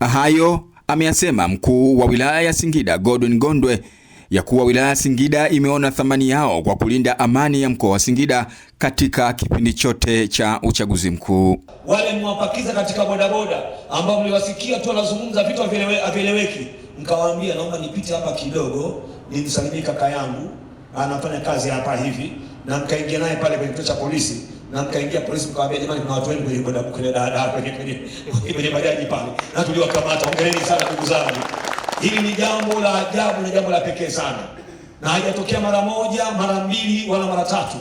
Hayo ameyasema mkuu wa wilaya ya Singida Godwin Gondwe ya kuwa wilaya ya Singida imeona thamani yao kwa kulinda amani ya mkoa wa Singida katika kipindi chote cha uchaguzi mkuu. Wale mwapakiza katika bodaboda ambao mliwasikia tu wanazungumza vitu havieleweki, mkawaambia naomba nipite hapa kidogo nimsalimie kaka yangu anafanya kazi hapa hivi, na mkaingia naye pale kwenye kituo cha polisi na mkaingia polisi mkawaambia, jamani, kuna watu wengi kwenye boda kwenye daladala kwenye kwenye kwenye bajaji pale na tuliwakamata. Hongereni sana ndugu zangu, hili ni jambo la ajabu na jambo la pekee sana, na haijatokea mara moja mara mbili wala mara tatu,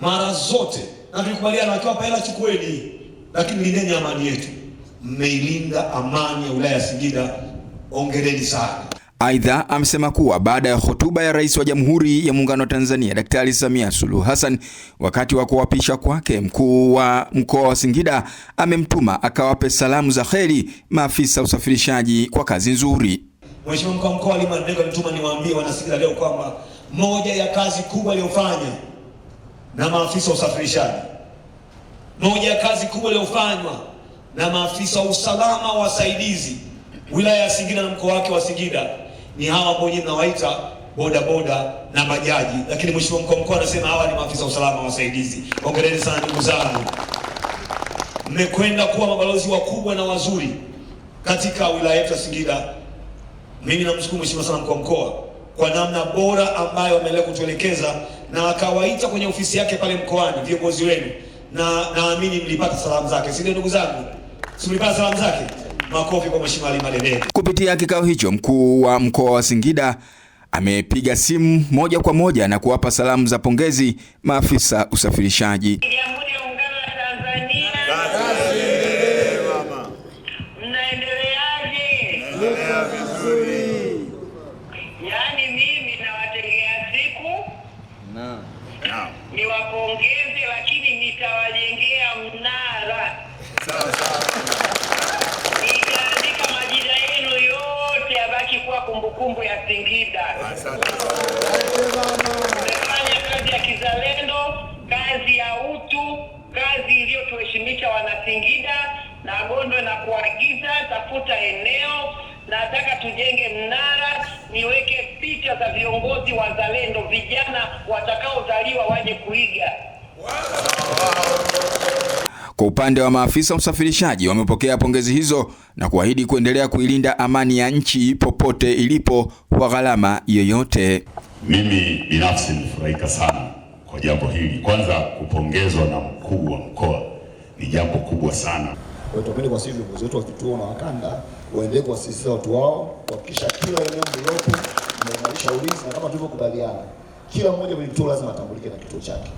mara zote. Na tulikubaliana wakiwapa hela chukueni, lakini lindeni amani yetu. Mmeilinda amani ya wilaya ya Singida, hongereni sana. Aidha, amesema kuwa baada ya hotuba ya Rais wa Jamhuri ya Muungano wa Tanzania Daktari Samia Suluhu Hassan wakati wa kuapisha kwake, mkuu wa mkoa wa Singida amemtuma akawape salamu za kheri maafisa usafirishaji kwa kazi nzuri. Mheshimiwa mkuu wa mkoa Limandengo alituma niwaambie Wanasingida leo kwamba moja ya kazi kubwa iliyofanywa na maafisa usafirishaji, moja ya kazi kubwa iliyofanywa na maafisa wa usalama wasaidizi wilaya ya Singida na mkoa wake wa Singida ni hawa ambao nyinyi mnawaita boda boda na bajaji, lakini mheshimiwa mkuu wa mkoa anasema hawa ni maafisa wa usalama wasaidizi. Hongereni sana ndugu zangu, mmekwenda kuwa mabalozi wakubwa na wazuri katika wilaya yetu ya Singida. Mimi namshukuru mheshimiwa sana mkuu wa mkoa kwa namna bora ambayo ameendelea kutuelekeza na akawaita kwenye ofisi yake pale mkoani viongozi wenu, na naamini mlipata salamu zake, si ndio ndugu zangu? Si mlipata salamu zake? Makofi kwa Mheshimiwa Ali Madede. Kupitia kikao hicho, mkuu wa mkoa wa Singida amepiga simu moja kwa moja na kuwapa salamu za pongezi maafisa usafirishaji. Yaani mimi nawategea siku. Naam. Niwapongeze kumbukumbu ya Singida. Tumefanya kazi ya kizalendo, kazi ya utu, kazi iliyotuheshimisha Wanasingida na Gondo, na kuagiza tafuta eneo, nataka tujenge mnara, niweke picha za viongozi wazalendo, vijana watakaozaliwa waje kuiga. Kwa upande wa maafisa usafirishaji, wamepokea pongezi hizo na kuahidi kuendelea kuilinda amani ya nchi popote ilipo kwa gharama yoyote. Mimi binafsi nimefurahika sana kwa jambo hili. Kwanza kupongezwa na mkuu wa mkoa ni jambo kubwa sana. Tupende kwa sisi viongozi wetu wa kituo na wakanda waendelee kuwasisitiza watu wao kuhakikisha kila eneo mlilopo mnaimarisha ulinzi, na kama tulivyokubaliana, kila mmoja kwenye kituo lazima atambulike na kituo chake.